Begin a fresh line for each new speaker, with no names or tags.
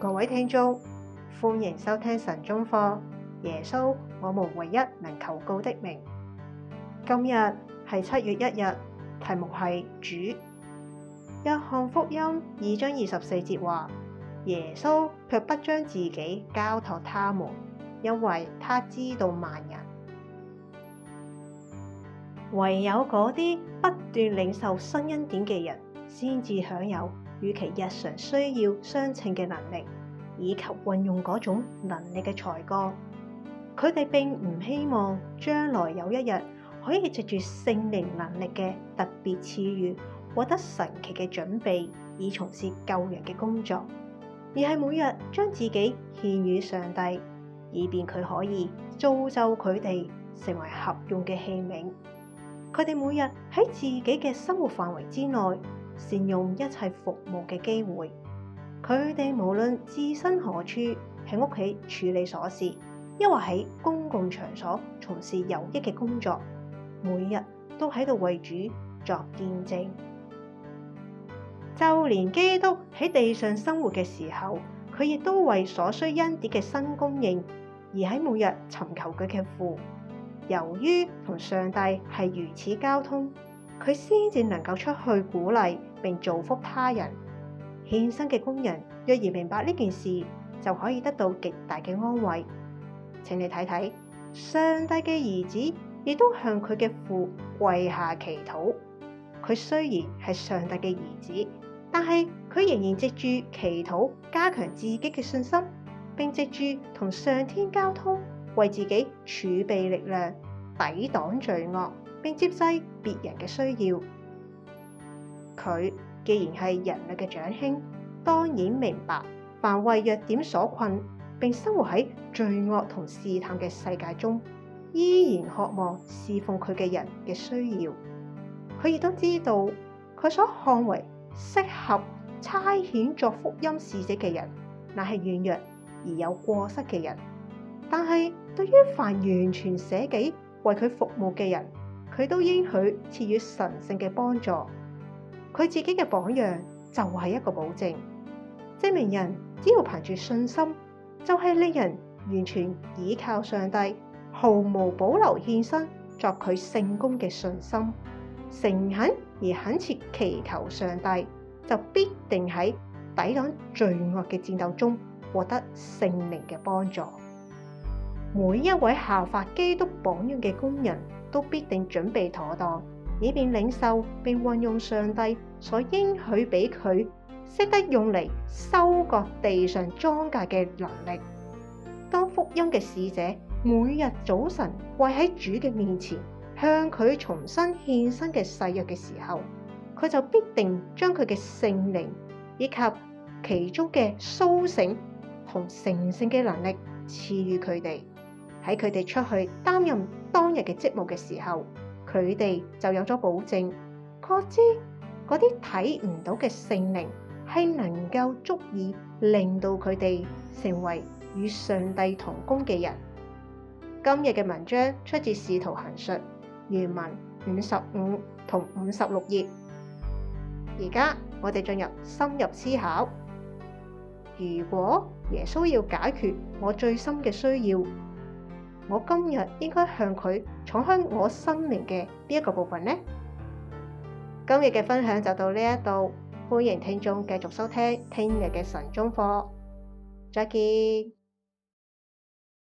各位聽眾，歡迎收聽神中課。耶穌，我們唯一能求告的名。今日係七月一日，題目係主。約翰福音二章二十四節話：耶穌卻不將自己交託他們，因為他知道萬人。唯有嗰啲不斷領受新恩典嘅人先至享有。與其日常需要相稱嘅能力，以及運用嗰種能力嘅才幹，佢哋並唔希望將來有一日可以藉住聖靈能力嘅特別賜予，獲得神奇嘅準備，以從事救人嘅工作，而係每日將自己獻於上帝，以便佢可以造就佢哋成為合用嘅器皿。佢哋每日喺自己嘅生活範圍之內。善用一切服務嘅機會，佢哋無論置身何處，喺屋企處理瑣事，亦或喺公共場所從事有益嘅工作，每日都喺度為主作見證。就連基督喺地上生活嘅時候，佢亦都為所需恩典嘅新供應而喺每日尋求佢嘅父。由於同上帝係如此交通，佢先至能夠出去鼓勵並造福他人，獻身嘅工人若然明白呢件事，就可以得到極大嘅安慰。請你睇睇，上帝嘅兒子亦都向佢嘅父跪下祈禱。佢雖然係上帝嘅兒子，但係佢仍然藉住祈禱加強自己嘅信心，並藉住同上天交通，為自己儲備力量，抵擋罪惡，並接濟別人嘅需要。佢既然係人類嘅長兄，當然明白凡為弱點所困，並生活喺罪惡同試探嘅世界中，依然渴望侍奉佢嘅人嘅需要。佢亦都知道，佢所看為適合差遣作福音使者嘅人，乃係軟弱而有過失嘅人。但係對於凡完全捨己為佢服務嘅人，佢都應許賜予神聖嘅幫助，佢自己嘅榜樣就係一個保證，證明人只要憑住信心，就係、是、令人完全倚靠上帝，毫無保留獻身作佢聖工嘅信心，誠懇而懇切祈求上帝，就必定喺抵擋罪惡嘅戰鬥中獲得聖靈嘅幫助。每一位效法基督榜樣嘅工人，都必定準備妥當，以便領受並運用上帝所應許俾佢識得用嚟收割地上莊稼嘅能力。當福音嘅使者每日早晨跪喺主嘅面前，向佢重新獻身嘅誓約嘅時候，佢就必定將佢嘅聖靈以及其中嘅蘇醒同成聖嘅能力賜予佢哋。喺佢哋出去擔任當日嘅職務嘅時候，佢哋就有咗保證，確知嗰啲睇唔到嘅聖靈係能夠足以令到佢哋成為與上帝同工嘅人。今日嘅文章出自《使徒行述》原文五十五同五十六頁。而家我哋進入深入思考：如果耶穌要解決我最深嘅需要？我今日應該向佢敞開我生命嘅邊一個部分呢？今日嘅分享就到呢一度，歡迎聽眾繼續收聽聽日嘅晨鐘課，再見。